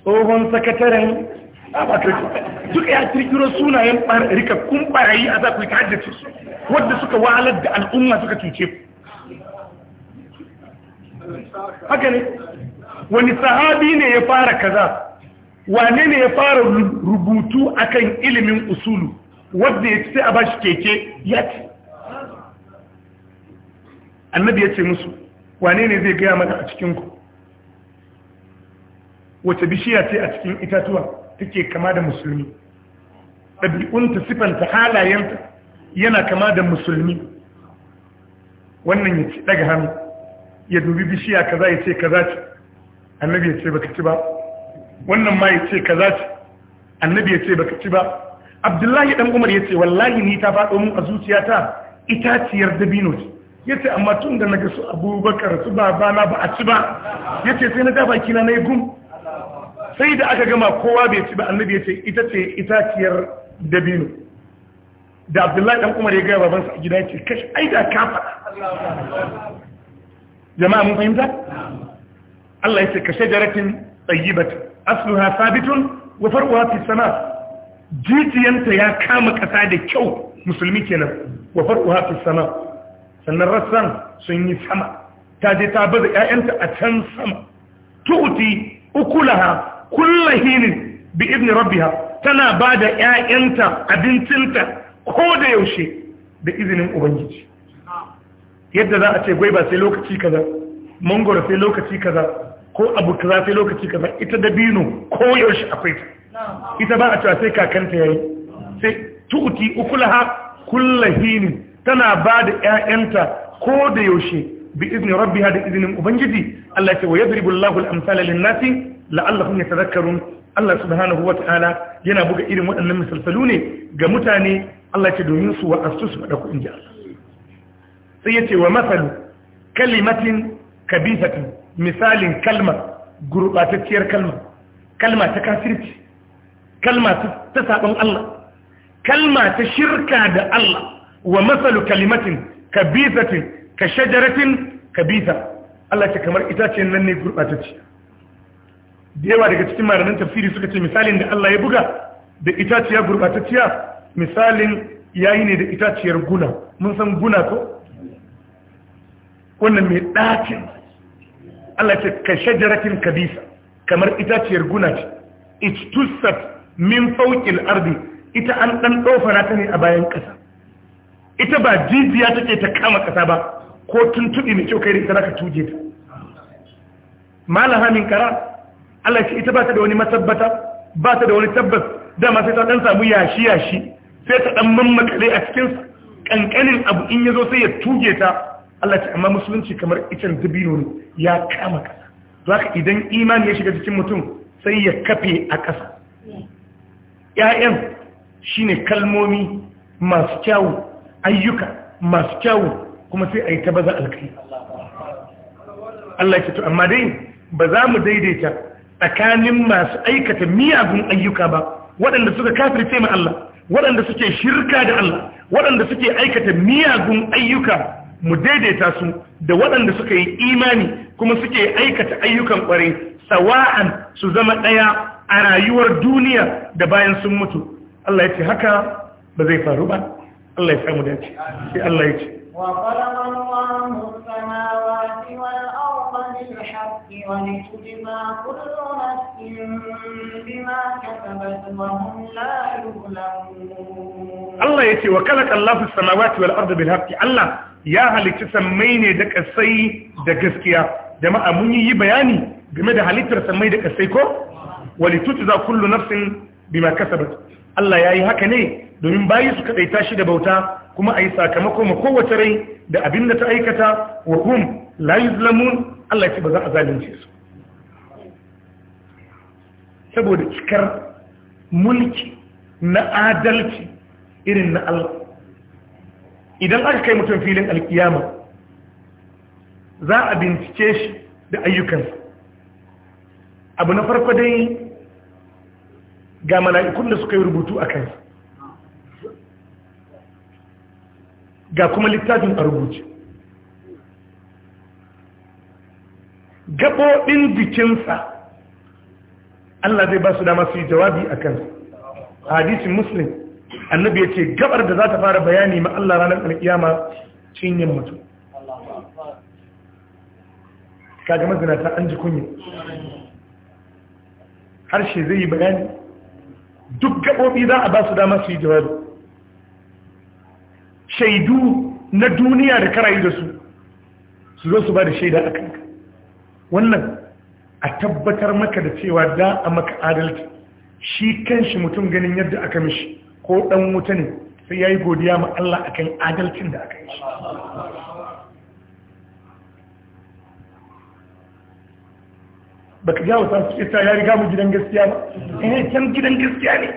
tsohon sakataren ah, duk ya kirkiro sunayen rikakkun barayi a zafi ta haddace su wadda suka wahalar da al'umma suka cuce haka ne wani sahabi ne ya fara kaza wane ne ya fara rubutu akan ilimin usulu wadda ya ci a bashi keke ya ce annabi ya ce musu wane ne zai gaya maka a cikinku wace bishiya ce a cikin itatuwa take kama da musulmi ɗabi'unta sifanta halayenta yana kama da musulmi wannan ya ci daga hannu ya dubi bishiya kaza ya ce kaza ce annabi ya ce baka ci ba wannan ma ya ce kaza ce annabi ya ce baka ci ba abdullahi dan umar ya ce wallahi ni ta faɗo mun a zuciyata itaciyar dabino ce ya ce amma tun da naga su abubakar su babana ba a ci ba ya ce sai na ga baki na yi gum sai da aka gama kowa bai ci ba annabi ya ce ita ce itaciyar dabino da abdullahi dan umar ya gaya babansa a gida ya ce kashi ai da ka faɗa jama'a mun fahimta Allah yace ka shajaratin tayyibat asluha sabitun wa far'uha fis sama jijiyanta ya kama kasa da kyau musulmi kenan wa far'uha fis sama sannan rassan sun yi sama ta je ta baza ƴaƴanta a can sama tu'ti ukulaha kullahinin bi idni rabbiha tana bada ƴaƴanta abincinta ko da yaushe da izinin ubangiji yadda za a ce gwaiba sai lokaci kaza mangoro sai lokaci kaza ko abu kaza sai lokaci kaza ita dabino ko yaushe akwai ta ita ba a cewa sai kakanta yayi sai tu'ti ukulaha kullahin tana ba da ƴaƴanta ko da yaushe bi izini rabbiha da izinin ubangiji Allah ce wa yadribu Allahu al-amsala lin-nasi la'allahum yatadhakkarun Allah subhanahu wata'ala yana buga irin waɗannan misalsalu ne ga mutane Allah ce domin su wa'astu su faɗa kuɗin ji Allah sai yace wa masalu kalimatin kabisatin misalin kalmar gurbatacciyar kalma kalma ta kafirci kalma ta sabon Allah kalma ta shirka da Allah wa matsalu kalimatin kabisatin ka shajaratin kabisa Allah ce kamar itacen nan ne gurbatacce da yawa daga cikin maranin tafsiri suka ce misalin da Allah ya buga da itaciya gurbatacciya misalin yayi ne da itaciyar guna mun san guna ko wannan mai ɗakin Allah ce ka shajaratin kabisa kamar itaciyar guna ce istussat min fawqil ardi ita an dan dofana ta ne a bayan kasa ita ba jijiya take ta kama kasa ba ko tuntubi mai kyau kai rinka zaka tuje ta malaha kara Allah ce ita ba ta da wani masabbata ba ta da wani tabbas dama sai ta ɗan samu yashi yashi sai ta dan mammakale a cikin ƙanƙanin abu in ya zo sai ya tuje ta Allah ce amma musulunci kamar icen dabino ne ya kama kasa to haka idan imani ya shiga cikin mutum sai ya kafe a kasa ƴaƴan shine kalmomi masu kyawu ayyuka masu kyawu kuma sai a yi ta baza alkai Allah ya ce to amma dai ba za mu daidaita tsakanin masu aikata miyagun ayyuka ba waɗanda suka kafirce ma Allah waɗanda suke shirka da Allah waɗanda suke aikata miyagun ayyuka mu daidaita su da waɗanda suka yi imani kuma suke aikata ayyukan ƙwarai sawa'an su zama ɗaya a rayuwar duniya da bayan sun mutu Allah ya ce haka ba zai faru ba Allah ya samu dace sai Allah ya ce wa qala samawati wal بالحق ولتجزى كل نفس بما كسبت وهم لا يظلمون الله يتي وكلك الله في السماوات والأرض بالحق الله يا ne da kasai da gaskiya jama'a mun yi bayani game da halittar samai da kasai ko walitutza kullu nafsin bima kasabat Allah yayi haka ne domin bayi su kadaita shi da bauta kuma a yi sakamako ma kowace rai da abin da ta aikata wa hum la yuzlamun Allah ya ce ba za a zalunce su saboda cikar mulki na adalci irin na Allah idan aka kai mutum filin alkiyama za a bincike shi da ayyukansa abu na farko dai ga mala'ikun da suka yi rubutu a kansa ga kuma littafin a rubuce gaɓoɓin jikinsa Allah zai ba su dama su yi jawabi a kansa hadisin muslim annabi ya ce gabar da za ta fara bayani ma Allah ranar alkiyama cinyin mutum kaga mazinata an ji kunya harshe zai yi bayani duk gaɓoɓi za a ba su dama su yi jawabi shaidu na duniya da karayi da su su zo su ba da shaida a kanka wannan a tabbatar maka da cewa da a maka adalci shi kanshi mutum ganin yadda aka mishi ko dan wuta ne sai yayi godiya ma Allah akan adalcin da aka yi shi baka jawo ta suke ta ya riga mu gidan gaskiya ba eh can gidan gaskiya ne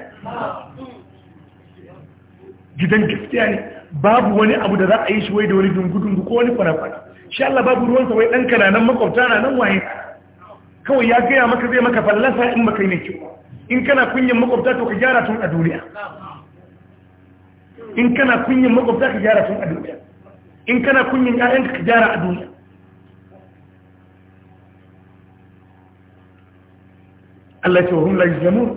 gidan gaskiya ne babu wani abu da za a yi shi wai da wani dungu-dungu ko wani kwana-kwana shi Allah babu ruwansa wai ɗanka na nan makwabta na nan waye kawai ya gaya maka zai maka fallasa in maka yi mai kyau in kana kunyin makwabta to ka gyara tun a duniya in kana kunyin makwabta ka gyara tun a duniya in kana kunyin ƴaƴanka ka gyara a duniya Allah ya ce wa hum la yuzlamun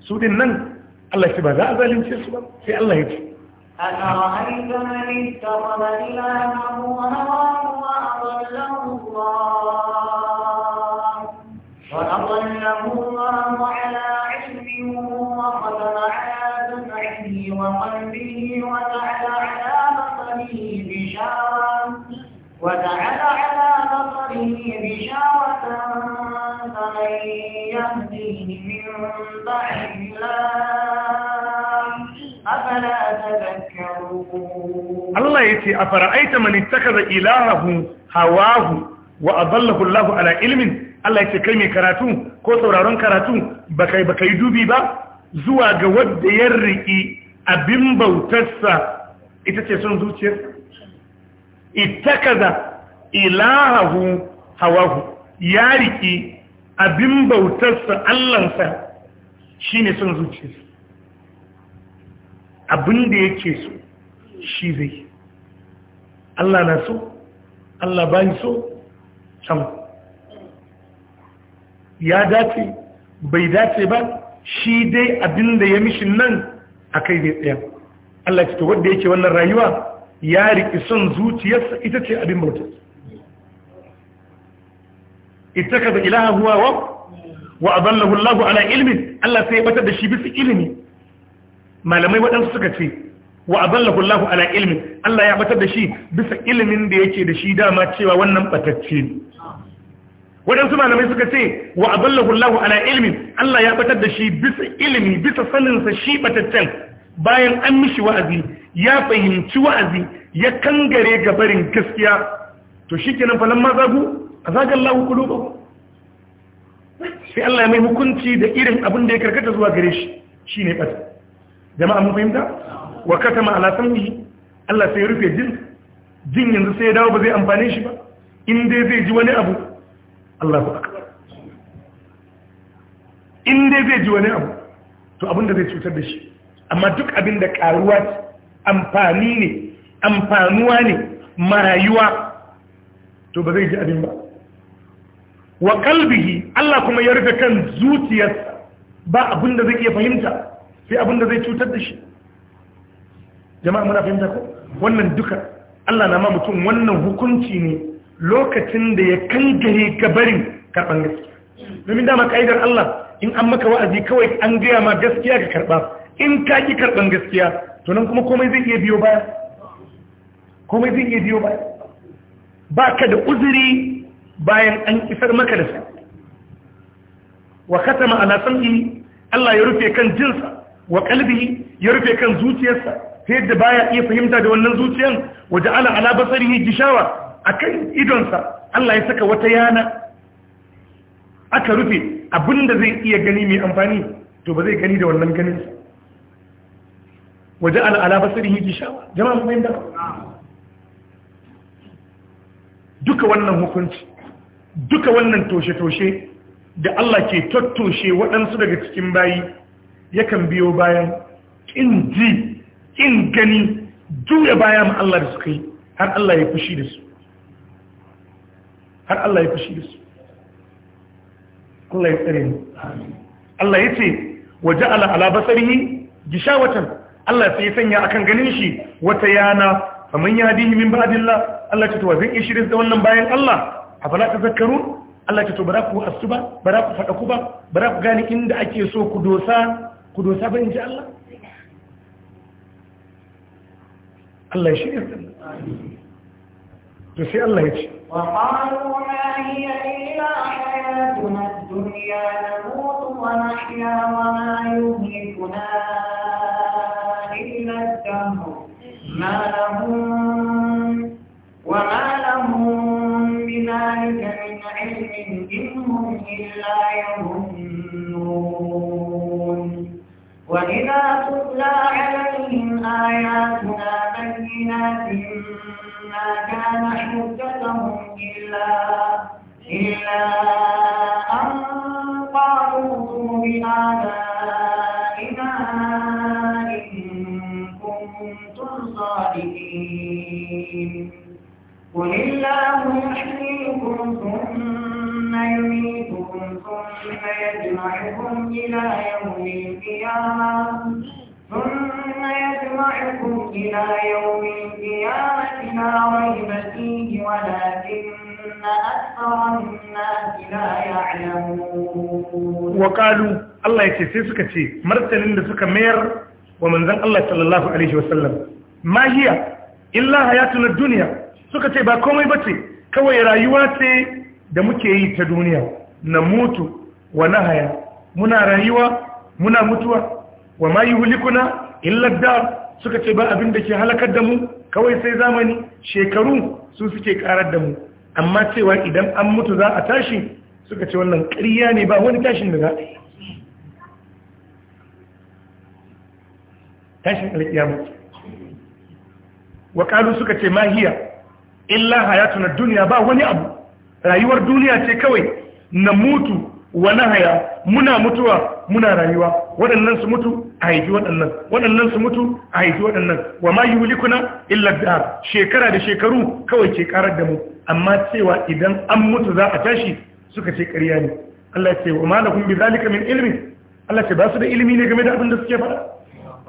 su din nan Allah ya ce ba za a zalunce su ba sai Allah ya ce أفرأيت من اتخذ إلهه هواه وأضله الله وأضله yace a fara'aita man ittakaza ilahahu hawahu wa adallahu Allah ala ilmin Allah yace kai mai karatu ko sauraron karatu baka yi dubi ba zuwa ga wanda ya riki abin bautarsa ita ce son zuciyar ittakaza ilahahu hawahu ya riki abin bautarsa Allahnsa shine sun zuciyarsa abin da yake so shi zai Allah na so Allah ba so sam ya dace bai dace ba shi dai abin da ya mishin nan a kai zai tsaya Allah ce to wanda yake wannan rayuwa ya riƙi son zuciyarsa ita ce abin bautar ita ka da ilaha huwa wa wa aballahu Allah ala ilmin Allah sai ya batar da shi bisa ilimi malamai waɗansu suka ce wa adallahu Allah ala ilmin Allah ya batar da shi bisa ilimin da yake da shi dama cewa wannan batacce ne waɗansu malamai suka ce wa adallahu Allah ala ilmin Allah ya batar da shi bisa ilimi bisa sanin sa shi bataccen bayan an mishi wa'azi ya fahimci wa'azi ya kangare ga barin gaskiya to shikenan falan ma zagu azagallahu qulubahu sai Allah ya mai hukunci da irin abin da ya karkata zuwa gare shi shine bata jama'a mun fahimta wa katama ala sam'i Allah sai rufe jin jin yanzu sai ya dawo ba zai amfane shi ba in dai zai ji wani abu Allahu akbar in dai zai ji wani abu to abin da zai cutar da shi amma duk abin da karuwa amfani ne amfanuwa ne marayuwa to ba zai ji abin ba wa kalbihi Allah kuma ya rufe kan zuciyarsa ba abin da zai iya fahimta sai abin da zai cutar da shi jama'a muna fahimta ko wannan duka Allah na ma mutum wannan hukunci ne lokacin da ya kangare ka barin karban gaskiya domin dama ka'idar Allah in an maka wa'azi kawai an gaya ma gaskiya ka karba in ka ki karban gaskiya to nan kuma komai zai iya biyo baya komai zai iya biyo baya baka da uzuri bayan an isar maka da sa wa katama ala sam'i Allah ya rufe kan jinsa wa kalbi ya rufe kan zuciyarsa sai yadda baya iya fahimta da wannan zuciyan waje ala ala basarihi gishawa akan idonsa Allah ya saka wata yana aka rufe abinda zai iya gani mai amfani to ba zai gani da wannan ganin waje ala ala basarihi gishawa jama'a mun fahimta duka wannan hukunci duka wannan toshe-toshe da Allah ke tattoshe waɗansu daga cikin bayi yakan biyo bayan ƙin ji In gani juya baya ma Allah da suka yi har Allah ya fushi da su har Allah ya fushi da su Allah ya tsare ni Allah ya ce waje ala ala basarihi gishawatan Allah sai ya sanya akan ganin shi wata yana faman yadihi min ba'dillah Allah ya ce to zan yi shirin da wannan bayan Allah afala tazakkarun Allah ya ce to bara ku asu ba bara ku fada ku ba bara ku gane inda ake so ku dosa ku dosa ba ji Allah الله ya shirya الله to وقالوا ما هي إلا حياتنا الدنيا نموت ونحيا وما يهلكنا إلا الدهر ما لهم وما لهم بذلك من علم إنهم إلا يظنون وإذا تتلى على عليهم آياتنا بينات ما كان حجتهم إلا إلا أن قالوا بآبائنا إن كنتم صادقين قل الله يحييكم ثم يميتكم ثم يجمعكم إلى يوم القيامة ثم يجمعكم إلى يوم القيامة لا ريب فيه ولكن أكثر الناس لا يعلمون وقالوا الله يتسي suka ce martalin da suka mayar wa manzon Allah sallallahu alaihi wasallam ma hiya illa hayatuna duniya suka ce ba komai bace kawai rayuwa ce da muke yi ta duniya na mutu wa haya. muna rayuwa muna mutuwa wa ma yuhlikuna in dar suka ce ba abin da ke halakar da mu kawai sai zamani shekaru su suke karar da mu amma cewa idan an mutu za a tashi suka ce wannan ƙarya ne ba wani tashin da za a yi tashin alƙiyamu waƙalu suka ce mahiya illa na duniya ba wani abu rayuwar duniya ce kawai na mutu wa na haya muna mutuwa muna rayuwa waɗannan su mutu a haifi waɗannan waɗannan su mutu a haifi waɗannan wa ma yi yulikuna illa da shekara da shekaru kawai ke karar da mu amma cewa idan an mutu za a tashi suka ce ƙarya ne Allah ya ce wa ma kun bi zalika min ilmi Allah ya ce ba su da ilimi ne game da abin da suke faɗa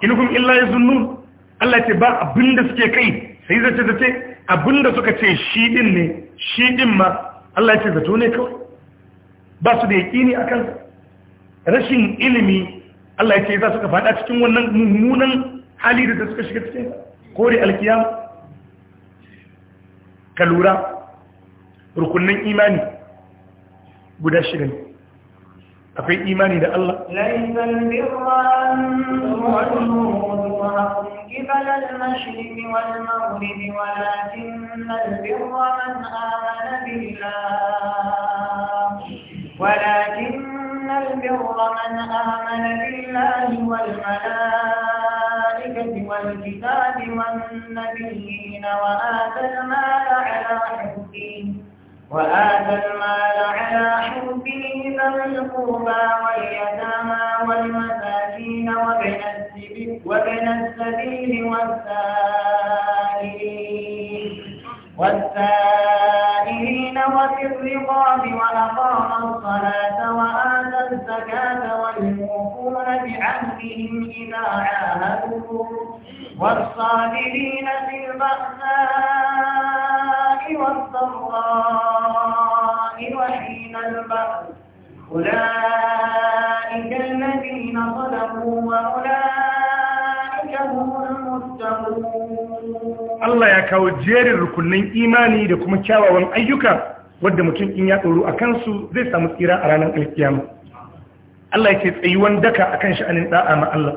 kun illa zunnu Allah ya ce ba abin da suke kai sai zace zace abin da suka ce shi din ne shi din ma Allah ya ce zato ne kawai ba su da yaƙini akan rashin ilimi Allah ya ce za ka faɗa cikin wannan mummunan hali da suka shiga cikin kore alkiyam ka lura rukunin imani guda shida ne akwai imani da Allah قبل المشرق والمغرب ولكن ولكن البر من آمن بالله والملائكة والكتاب والنبيين وآتى المال على حبه وآتى المال على حبه ذوي القربى واليتامى والمساكين وابن السبيل والسائلين والسائلين وفي الرقاب وأقام الصلاة وآتى الزكاة والموفون بعهدهم إذا عاهدوا والصابرين في البأساء والضراء وحين البأس أولئك الذين صدقوا وأولئك Allah ya kawo jerin rukunin imani da kuma kyawawan ayyuka wadda mutum in ya tsoro a kansu zai samu tsira a ranar alkiyama Allah ya ce tsayuwan daka akan sha'anin da'a ma Allah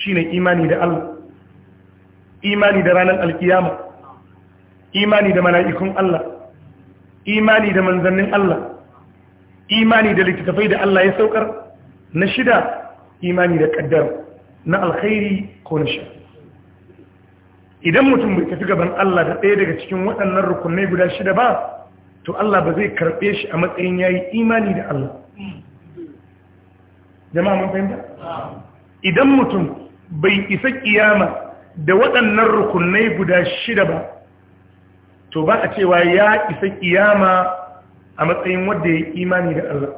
shine imani da Allah imani da ranar alkiyama imani da mala'ikun Allah imani da manzannin Allah imani da littattafai da Allah ya saukar na shida imani da kaddar na alkhairi ko na shari'a idan mutum bai tafi gaban Allah da ɗaya daga cikin waɗannan rukunai guda shida ba to Allah ba zai karɓe shi a matsayin yayi imani da Allah jama'a mun fahimta idan mutum bai isa kiyama da waɗannan rukunai guda shida ba to ba a cewa ya isa kiyama a matsayin wanda ya imani da Allah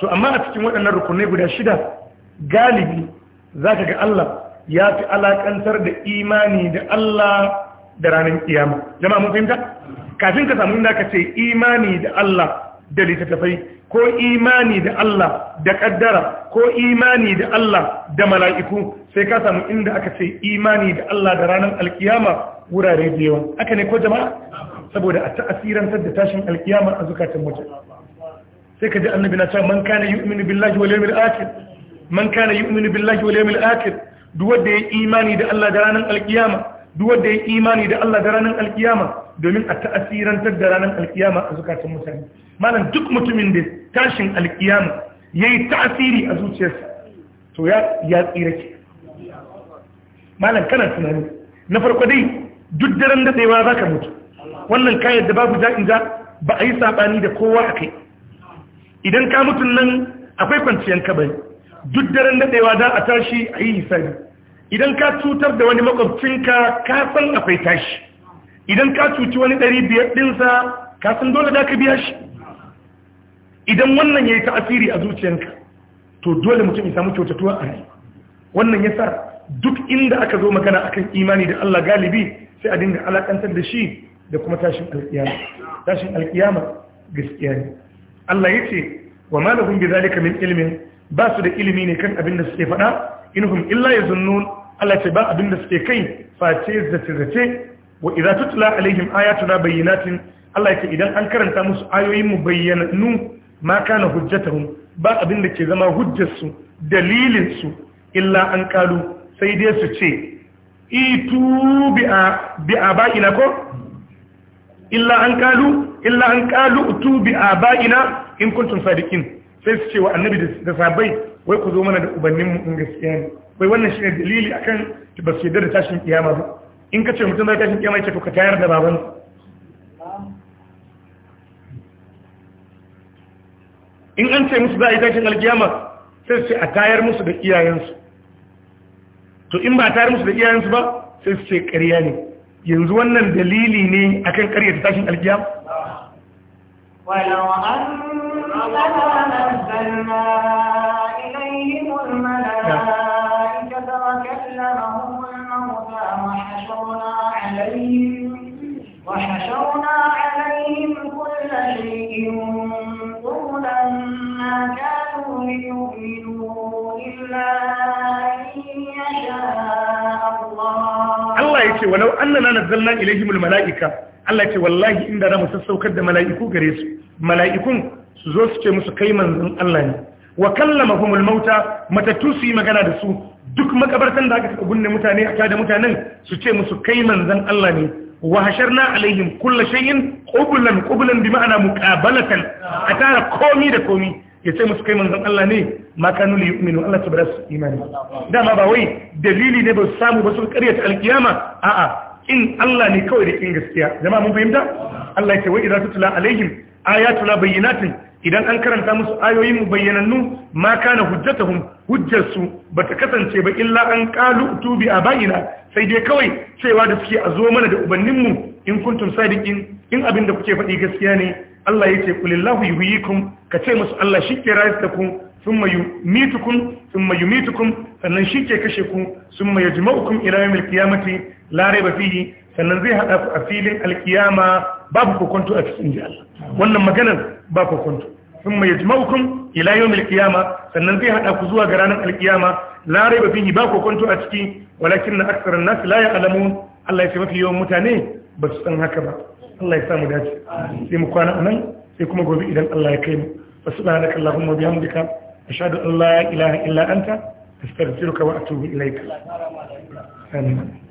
to amma a cikin waɗannan rukunai guda shida galibi zaka ga Allah ya fi alakantar da imani da Allah da ranar kiyama jama'a mun fahimta kafin ka samu inda ka ce imani da Allah da littattafai ko imani da Allah da kaddara ko imani da Allah da mala'iku sai ka samu inda aka ce imani da Allah da ranar alkiyama wurare da yawa haka ne ko jama'a saboda a ta'asirantar da tashin alkiyama a zukatan waje, sai ka ji annabi na cewa man kana yu'minu billahi wal yawmil akhir man kana yu'minu billahi wal yawmil akhir duk wanda ya imani da Allah da ranar alkiyama duk wanda ya imani da Allah da ranar alkiyama domin a ta'asirantar da ranar alkiyama a zukatan mutane malam duk mutumin da tashin alkiyama yayi ta'asiri a zuciyarsa to ya ya tsira ki malam kana tunani na farko dai duk daren da tsayawa zaka mutu wannan kayan da babu ja'in ja ba a yi sabani da kowa a kai idan ka mutun nan akwai kwanciyar kabari duk daren daɗewa da a tashi a yi hisabi idan ka cutar da wani makwabcinka ka san akwai tashi idan ka cuci wani ɗari biyar ɗinsa ka san dole da ka biya shi idan wannan ya yi ta'asiri a zuciyanka to dole mutum ya samu kyautatuwa a rai wannan ya sa duk inda aka zo magana akan imani da Allah galibi sai a dinga alakantar da shi da kuma tashin alkiyama tashin alkiyama gaskiya ne Allah ya ce wa malahum bi zalika min ilmin ba su da ilimi ne kan abin da suke faɗa inhum illa yazunnun Allah ce ba abin da suke kai face zace zace wa idza tutla alaihim ayatuna bayyinatin Allah ya ce idan an karanta musu ayoyin mu bayyanannu ma kana hujjatuhum ba abin da ke zama hujjarsu dalilin su illa an kalu sai dai su ce itu bi'a bi'a ba'ina ko illa an kalu illa an kalu utu bi'a ba'ina in kuntum sadiqin sai su ce wa annabi da sabai wai ku zo mana da ubanninmu in gaskiya ne wai wannan shi ne dalili akan ba su yadda da tashin kiyama ba in ka ce mutum zai tashin kiyama ya ce to ka tayar da baban in an ce musu za a yi tashin alkiyama sai su ce a tayar musu da iyayensu to in ba a tayar musu da iyayensu ba sai su ce ƙarya ne yanzu wannan dalili ne akan ƙarya da tashin alkiyama ولو أننا نزلنا الملائكة وكلمهم الموتى وحشرنا عليهم وحشرنا عليهم كل شيء قولا ما كانوا ليؤمنوا إلا أن يشاء الله ولو أننا نزلنا إليهم الملائكة الله يقول والله inda za mu sassaukar da mala'iku gare su mala'ikun wa kallamahumul mauta matattu su yi magana da su duk makabartan da aka taɓa gunne mutane a tada mutanen su ce musu kai manzan Allah ne wa na, alaihim kulla shay'in qublan qublan bi ma'ana muqabalatan a tara komi da komi ya ce musu kai manzan Allah ne ma kanu li yu'minu Allah ta barasu imani dama ba wai dalili ne ba su samu ba su karyata alkiyama a'a in Allah ne kawai da in gaskiya jama'a mun fahimta Allah ya ce wa idza tutla alaihim ayatuna bayyinatin idan an karanta musu ayoyin mu bayyanannu ma kana hujjatahum hujjarsu bata kasance ba illa an qalu tubi abaina sai dai kawai cewa da suke a zo mana da ubannin mu in kuntum sadiqin in abinda kuke faɗi gaskiya ne Allah ce kulillahu yuhyikum ce musu Allah shike rayukum thumma yumitukum thumma yumitukum sannan shike kashe ku thumma yajma'ukum ila yawmil qiyamati la rayba fihi sannan zai haɗa ku a filin alkiyama babu kokonto a cikin ji Allah wannan maganar ba kokonto sun mai jima'ukun ila yau milkiyama sannan zai haɗa ku zuwa ga ranar alkiyama larai ba fihi ba kokonto a ciki walakin na aksarar nasu la ya alamu Allah ya ce mafi yawan mutane ba su san haka ba Allah ya sa mu dace sai mu kwana anan sai kuma gobe idan Allah ya kai mu wa subhanaka allahumma wa bihamdika ashhadu an la ilaha illa anta astaghfiruka wa atubu ilaik amin